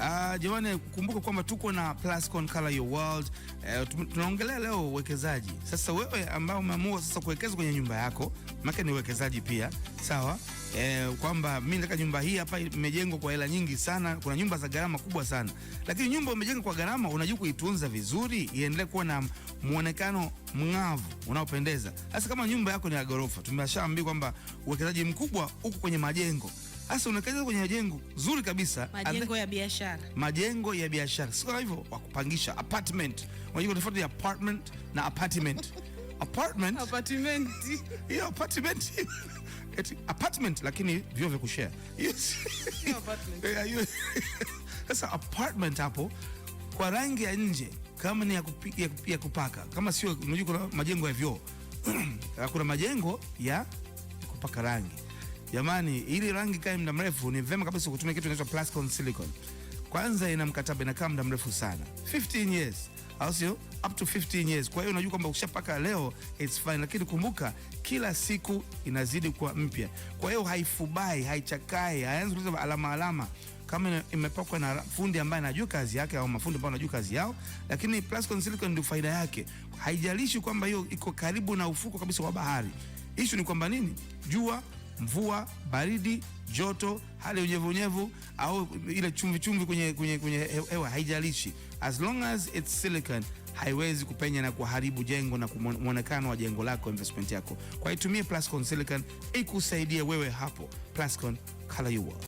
Uh, jamani, kumbuka kwamba tuko na Plascon Color Your World. Uh, tunaongelea leo uwekezaji. Sasa wewe ambao umeamua sasa kuwekeza kwenye nyumba yako, maana ni uwekezaji pia, sawa? Eh, kwamba mimi nataka nyumba hii hapa imejengwa kwa hela nyingi sana, kuna nyumba za gharama kubwa sana. Lakini nyumba umejenga kwa gharama, unajua kuitunza vizuri, iendelee kuwa na muonekano mng'avu unaopendeza. Sasa kama nyumba yako ni ya ghorofa, tumeshaambiwa kwamba uwekezaji mkubwa uko kwenye majengo. Sasa unakaa kwenye majengo zuri kabisa, majengo ya biashara, majengo ya biashara, sio hivyo, wa kupangisha apartment. Unajua tofauti ya apartment na apartment apartment apartment hiyo apartment eti apartment, lakini vyo vya kushare hiyo apartment. hiyo Sasa apartment hapo kwa rangi ya nje kama ni ya, kupi, ya, ya kupaka kama sio, unajua kuna majengo ya vyoo kuna majengo ya kupaka rangi Jamani, ili rangi kae muda mrefu ni vema kabisa kutumia kitu kinaitwa Plascon Silicone. Kwanza ina mkataba inakaa muda mrefu sana 15 years au sio? Up to 15 years. Kwa hiyo unajua kwamba ukishapaka leo it's fine, lakini kumbuka kila siku inazidi kuwa mpya. Kwa hiyo haifubai, haichakai, haianzi kuleta alama alama kama imepakwa na fundi ambaye anajua kazi yake au mafundi ambao anajua kazi yao. Lakini Plascon Silicone ndio faida yake, haijalishi kwamba hiyo iko karibu na ufuko kabisa wa bahari. Issue ni kwamba nini? Jua mvua, baridi, joto, hali ya unyevunyevu au ile chumvi chumvi kwenye, kwenye, kwenye hewa, haijalishi as long as it's silicon haiwezi kupenya na kuharibu jengo na mwonekano wa jengo lako, investment yako. Kwa itumie Plascon Silicon ikusaidia wewe hapo. Plascon, color your world.